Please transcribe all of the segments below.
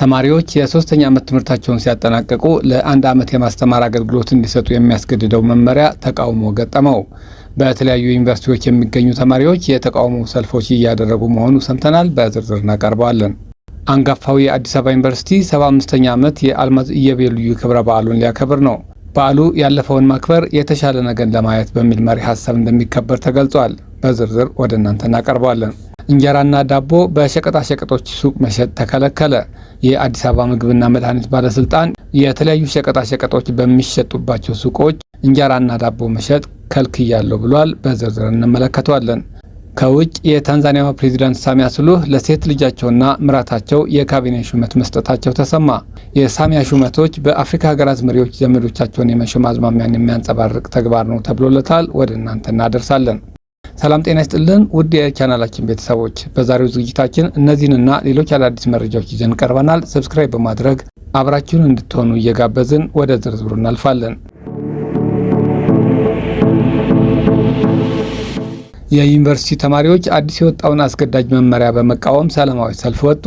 ተማሪዎች የሶስተኛ ዓመት ትምህርታቸውን ሲያጠናቀቁ ለአንድ ዓመት የማስተማር አገልግሎት እንዲሰጡ የሚያስገድደው መመሪያ ተቃውሞ ገጠመው። በተለያዩ ዩኒቨርሲቲዎች የሚገኙ ተማሪዎች የተቃውሞ ሰልፎች እያደረጉ መሆኑ ሰምተናል። በዝርዝር እናቀርበዋለን። አንጋፋው የአዲስ አበባ ዩኒቨርሲቲ 75ኛ ዓመት የአልማዝ ኢዮቤልዩ ክብረ በዓሉን ሊያከብር ነው። በዓሉ ያለፈውን ማክበር የተሻለ ነገን ለማየት በሚል መሪ ሀሳብ እንደሚከበር ተገልጿል። በዝርዝር ወደ እናንተ እናቀርበዋለን። እንጀራና ዳቦ በሸቀጣሸቀጦች ሱቅ መሸጥ ተከለከለ። የአዲስ አበባ ምግብና መድኃኒት ባለስልጣን የተለያዩ ሸቀጣሸቀጦች በሚሸጡባቸው ሱቆች እንጀራና ዳቦ መሸጥ ከልክያለሁ ብሏል። በዝርዝር እንመለከተዋለን። ከውጭ የታንዛኒያዋ ፕሬዚዳንት ሳሚያ ስሉህ ለሴት ልጃቸውና ምራታቸው የካቢኔ ሹመት መስጠታቸው ተሰማ። የሳሚያ ሹመቶች በአፍሪካ ሀገራት መሪዎች ዘመዶቻቸውን የመሾም አዝማሚያን የሚያንጸባርቅ ተግባር ነው ተብሎለታል። ወደ እናንተ እናደርሳለን። ሰላም ጤና ይስጥልን ውድ የቻናላችን ቤተሰቦች፣ በዛሬው ዝግጅታችን እነዚህንና ሌሎች አዳዲስ መረጃዎች ይዘን ቀርበናል። ሰብስክራይብ በማድረግ አብራችሁን እንድትሆኑ እየጋበዝን ወደ ዝርዝሩ እናልፋለን። የዩኒቨርሲቲ ተማሪዎች አዲስ የወጣውን አስገዳጅ መመሪያ በመቃወም ሰላማዊ ሰልፍ ወጡ።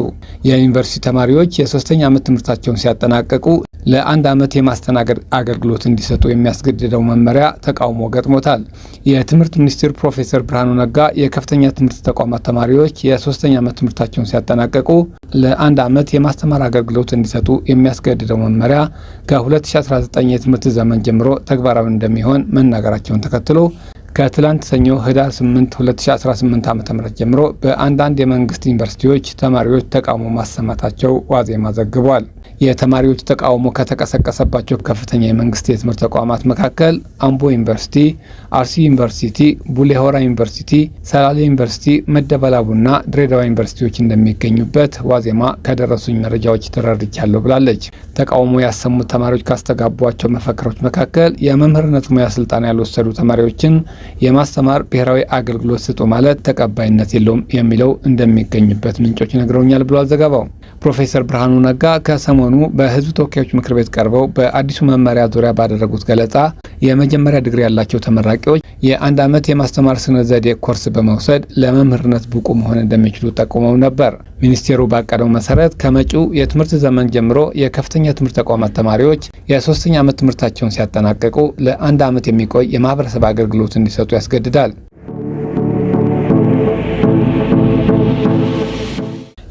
የዩኒቨርሲቲ ተማሪዎች የሶስተኛ ዓመት ትምህርታቸውን ሲያጠናቀቁ ለአንድ ዓመት የማስተናገድ አገልግሎት እንዲሰጡ የሚያስገድደው መመሪያ ተቃውሞ ገጥሞታል። የትምህርት ሚኒስትር ፕሮፌሰር ብርሃኑ ነጋ የከፍተኛ ትምህርት ተቋማት ተማሪዎች የሶስተኛ ዓመት ትምህርታቸውን ሲያጠናቀቁ ለአንድ ዓመት የማስተማር አገልግሎት እንዲሰጡ የሚያስገድደው መመሪያ ከ2019 የትምህርት ዘመን ጀምሮ ተግባራዊ እንደሚሆን መናገራቸውን ተከትሎ ከትላንት ሰኞ ህዳር 8 2018 ዓ ም ጀምሮ በአንዳንድ የመንግስት ዩኒቨርሲቲዎች ተማሪዎች ተቃውሞ ማሰማታቸው ዋዜማ ዘግቧል። የተማሪዎች ተቃውሞ ከተቀሰቀሰባቸው ከፍተኛ የመንግስት የትምህርት ተቋማት መካከል አምቦ ዩኒቨርሲቲ፣ አርሲ ዩኒቨርሲቲ፣ ቡሌሆራ ዩኒቨርሲቲ፣ ሰላሌ ዩኒቨርሲቲ፣ መደበላቡና ድሬዳዋ ዩኒቨርሲቲዎች እንደሚገኙበት ዋዜማ ከደረሱኝ መረጃዎች ተረድቻለሁ ብላለች። ተቃውሞ ያሰሙት ተማሪዎች ካስተጋቧቸው መፈክሮች መካከል የመምህርነት ሙያ ስልጠና ያልወሰዱ ተማሪዎችን የማስተማር ብሔራዊ አገልግሎት ስጡ ማለት ተቀባይነት የለውም የሚለው እንደሚገኝበት ምንጮች ነግረውኛል ብሏል ዘገባው። ፕሮፌሰር ብርሃኑ ነጋ ከሰሞኑ በህዝብ ተወካዮች ምክር ቤት ቀርበው በአዲሱ መመሪያ ዙሪያ ባደረጉት ገለጻ የመጀመሪያ ድግሪ ያላቸው ተመራቂዎች የአንድ ዓመት የማስተማር ስነ ዘዴ ኮርስ በመውሰድ ለመምህርነት ብቁ መሆን እንደሚችሉ ጠቁመው ነበር። ሚኒስቴሩ ባቀደው መሰረት ከመጪው የትምህርት ዘመን ጀምሮ የከፍተኛ ትምህርት ተቋማት ተማሪዎች የሶስተኛ ዓመት ትምህርታቸውን ሲያጠናቀቁ ለአንድ ዓመት የሚቆይ የማህበረሰብ አገልግሎት እንዲሰጡ ያስገድዳል።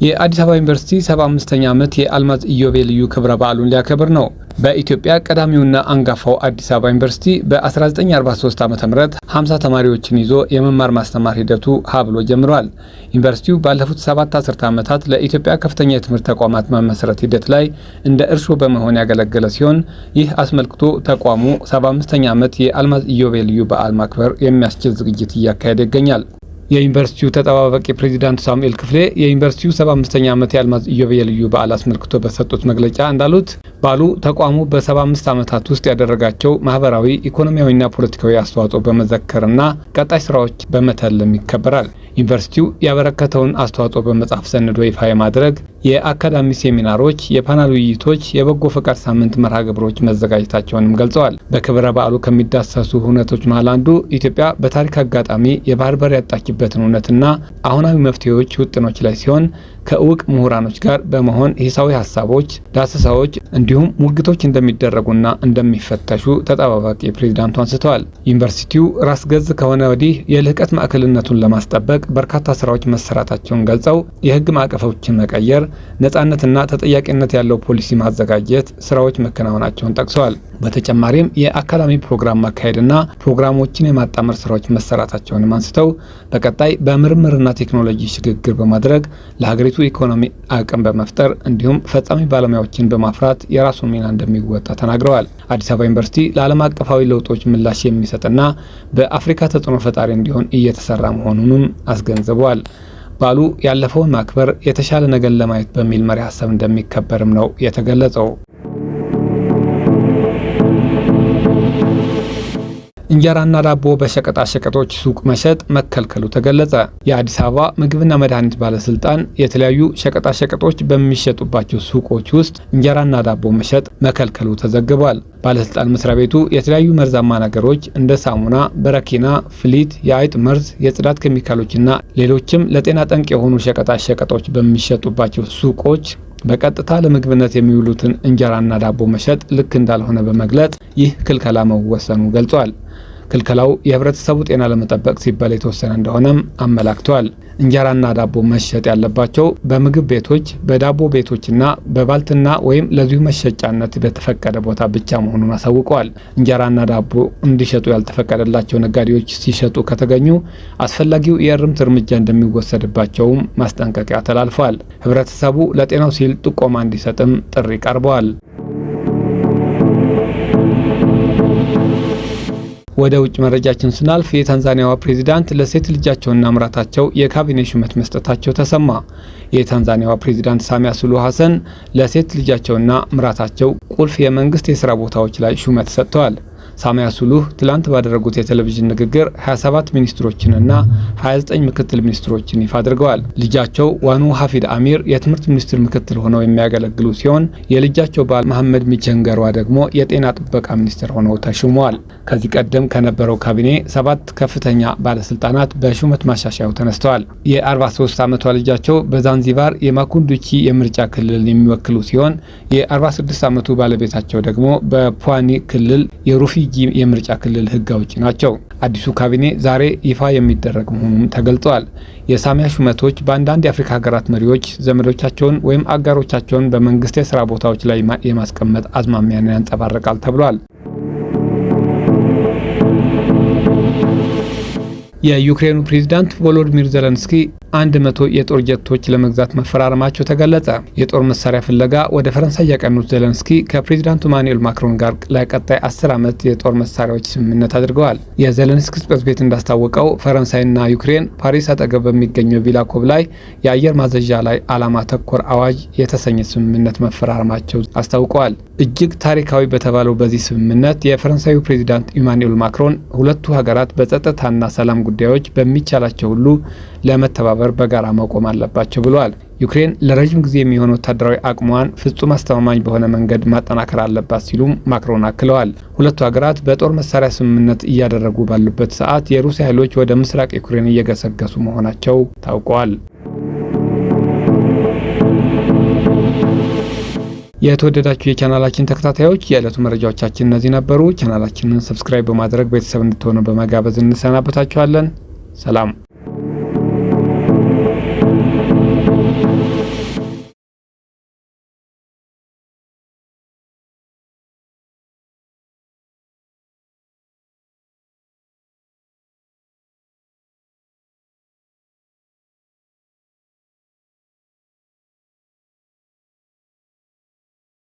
የአዲስ አበባ ዩኒቨርሲቲ 75ኛ ዓመት የአልማዝ ኢዮቤልዩ ክብረ በዓሉን ሊያከብር ነው። በኢትዮጵያ ቀዳሚውና አንጋፋው አዲስ አበባ ዩኒቨርሲቲ በ1943 ዓ ም 50 ተማሪዎችን ይዞ የመማር ማስተማር ሂደቱ ሀብሎ ጀምሯል። ዩኒቨርሲቲው ባለፉት ሰባት አስርተ ዓመታት ለኢትዮጵያ ከፍተኛ የትምህርት ተቋማት መመስረት ሂደት ላይ እንደ እርሾ በመሆን ያገለገለ ሲሆን ይህ አስመልክቶ ተቋሙ 75ኛ ዓመት የአልማዝ ኢዮቤልዩ በዓል ማክበር የሚያስችል ዝግጅት እያካሄደ ይገኛል። የዩኒቨርሲቲው ተጠባባቂ ፕሬዚዳንት ሳሙኤል ክፍሌ የዩኒቨርሲቲው 75ኛ ዓመት የአልማዝ ኢዮቤልዩ ልዩ በዓል አስመልክቶ በሰጡት መግለጫ እንዳሉት በዓሉ ተቋሙ በ75 ዓመታት ውስጥ ያደረጋቸው ማህበራዊ ኢኮኖሚያዊና ፖለቲካዊ አስተዋጽኦ በመዘከርና ቀጣይ ስራዎች በመተለም ይከበራል። ዩኒቨርሲቲው ያበረከተውን አስተዋጽኦ በመጽሐፍ ሰንዶ ይፋ የማድረግ የአካዳሚ ሴሚናሮች፣ የፓናል ውይይቶች፣ የበጎ ፈቃድ ሳምንት መርሃ ግብሮች መዘጋጀታቸውንም ገልጸዋል። በክብረ በዓሉ ከሚዳሰሱ እውነቶች መሀል አንዱ ኢትዮጵያ በታሪክ አጋጣሚ የባህር በር ያጣችበትን እውነትና አሁናዊ መፍትሄዎች ውጥኖች ላይ ሲሆን ከእውቅ ምሁራኖች ጋር በመሆን ሂሳዊ ሀሳቦች፣ ዳሰሳዎች እንዲሁም ሙግቶች እንደሚደረጉና እንደሚፈተሹ ተጠባባቂ ፕሬዚዳንቱ አንስተዋል። ዩኒቨርሲቲው ራስ ገዝ ከሆነ ወዲህ የልህቀት ማዕከልነቱን ለማስጠበቅ በርካታ ስራዎች መሰራታቸውን ገልጸው የህግ ማዕቀፎችን መቀየር፣ ነጻነትና ተጠያቂነት ያለው ፖሊሲ ማዘጋጀት ስራዎች መከናወናቸውን ጠቅሰዋል። በተጨማሪም የአካዳሚ ፕሮግራም ማካሄድና ፕሮግራሞችን የማጣመር ስራዎች መሰራታቸውንም አንስተው በቀጣይ በምርምርና ቴክኖሎጂ ሽግግር በማድረግ ለሀገሪቱ ኢኮኖሚ አቅም በመፍጠር እንዲሁም ፈጻሚ ባለሙያዎችን በማፍራት የራሱን ሚና እንደሚወጣ ተናግረዋል። አዲስ አበባ ዩኒቨርሲቲ ለዓለም አቀፋዊ ለውጦች ምላሽ የሚሰጥና በአፍሪካ ተጽዕኖ ፈጣሪ እንዲሆን እየተሰራ መሆኑንም አስገንዝበዋል። ባሉ ያለፈውን ማክበር የተሻለ ነገር ለማየት በሚል መሪ ሀሳብ እንደሚከበርም ነው የተገለጸው። እንጀራና ዳቦ በሸቀጣ ሸቀጦች ሱቅ መሸጥ መከልከሉ ተገለጸ። የአዲስ አበባ ምግብና መድኃኒት ባለስልጣን የተለያዩ ሸቀጣ ሸቀጦች በሚሸጡባቸው ሱቆች ውስጥ እንጀራና ዳቦ መሸጥ መከልከሉ ተዘግቧል። ባለስልጣን መስሪያ ቤቱ የተለያዩ መርዛማ ነገሮች እንደ ሳሙና፣ በረኪና፣ ፍሊት፣ የአይጥ መርዝ፣ የጽዳት ኬሚካሎችና ሌሎችም ለጤና ጠንቅ የሆኑ ሸቀጣ ሸቀጦች በሚሸጡባቸው ሱቆች በቀጥታ ለምግብነት የሚውሉትን እንጀራና ዳቦ መሸጥ ልክ እንዳልሆነ በመግለጽ ይህ ክልከላ መወሰኑ ገልጿል። ክልከላው የህብረተሰቡ ጤና ለመጠበቅ ሲባል የተወሰነ እንደሆነም አመላክተዋል። እንጀራና ዳቦ መሸጥ ያለባቸው በምግብ ቤቶች፣ በዳቦ ቤቶችና በባልትና ወይም ለዚሁ መሸጫነት በተፈቀደ ቦታ ብቻ መሆኑን አሳውቀዋል። እንጀራና ዳቦ እንዲሸጡ ያልተፈቀደላቸው ነጋዴዎች ሲሸጡ ከተገኙ አስፈላጊው የእርምት እርምጃ እንደሚወሰድባቸውም ማስጠንቀቂያ ተላልፏል። ህብረተሰቡ ለጤናው ሲል ጥቆማ እንዲሰጥም ጥሪ ቀርበዋል። ወደ ውጭ መረጃችን ስናልፍ የታንዛኒያዋ ፕሬዚዳንት ለሴት ልጃቸውና ምራታቸው የካቢኔ ሹመት መስጠታቸው ተሰማ። የታንዛኒያዋ ፕሬዚዳንት ሳሚያ ሱሉ ሀሰን ለሴት ልጃቸውና ምራታቸው ቁልፍ የመንግስት የስራ ቦታዎች ላይ ሹመት ሰጥተዋል። ሳሚያ ሱሉህ ትላንት ባደረጉት የቴሌቪዥን ንግግር 27 ሚኒስትሮችንና 29 ምክትል ሚኒስትሮችን ይፋ አድርገዋል። ልጃቸው ዋኑ ሀፊድ አሚር የትምህርት ሚኒስትር ምክትል ሆነው የሚያገለግሉ ሲሆን የልጃቸው ባል መሐመድ ሚቸንገሯ ደግሞ የጤና ጥበቃ ሚኒስትር ሆነው ተሹመዋል። ከዚህ ቀደም ከነበረው ካቢኔ ሰባት ከፍተኛ ባለስልጣናት በሹመት ማሻሻያው ተነስተዋል። የ43 ዓመቷ ልጃቸው በዛንዚባር የማኩንዱቺ የምርጫ ክልል የሚወክሉ ሲሆን የ46 ዓመቱ ባለቤታቸው ደግሞ በፑኒ ክልል የሩፊ የፍይጂ የምርጫ ክልል ህግ አውጪ ናቸው። አዲሱ ካቢኔ ዛሬ ይፋ የሚደረግ መሆኑም ተገልጿል። የሳሚያ ሹመቶች በአንዳንድ የአፍሪካ ሀገራት መሪዎች ዘመዶቻቸውን ወይም አጋሮቻቸውን በመንግስት የስራ ቦታዎች ላይ የማስቀመጥ አዝማሚያን ያንጸባርቃል ተብሏል። የዩክሬኑ ፕሬዝዳንት ቮሎዲሚር ዘለንስኪ አንድ መቶ የጦር ጀቶች ለመግዛት መፈራረማቸው ተገለጸ። የጦር መሳሪያ ፍለጋ ወደ ፈረንሳይ ያቀኑት ዘለንስኪ ከፕሬዚዳንቱ ማኑኤል ማክሮን ጋር ለቀጣይ አስር ዓመት የጦር መሳሪያዎች ስምምነት አድርገዋል። የዘለንስኪ ጽሕፈት ቤት እንዳስታወቀው ፈረንሳይና ዩክሬን ፓሪስ አጠገብ በሚገኘው ቢላኮቭ ላይ የአየር ማዘዣ ላይ ዓላማ ተኮር አዋጅ የተሰኘ ስምምነት መፈራረማቸው አስታውቀዋል። እጅግ ታሪካዊ በተባለው በዚህ ስምምነት የፈረንሳዩ ፕሬዚዳንት ኢማኑኤል ማክሮን ሁለቱ ሀገራት በጸጥታና ሰላም ጉዳዮች በሚቻላቸው ሁሉ ለመተባበር በመተባበር በጋራ መቆም አለባቸው ብለዋል። ዩክሬን ለረዥም ጊዜ የሚሆን ወታደራዊ አቅሟን ፍጹም አስተማማኝ በሆነ መንገድ ማጠናከር አለባት ሲሉም ማክሮን አክለዋል። ሁለቱ ሀገራት በጦር መሳሪያ ስምምነት እያደረጉ ባሉበት ሰዓት የሩሲያ ኃይሎች ወደ ምስራቅ ዩክሬን እየገሰገሱ መሆናቸው ታውቋል። የተወደዳችሁ የቻናላችን ተከታታዮች የዕለቱ መረጃዎቻችን እነዚህ ነበሩ። ቻናላችንን ሰብስክራይብ በማድረግ ቤተሰብ እንድትሆኑ በመጋበዝ እንሰናበታችኋለን። ሰላም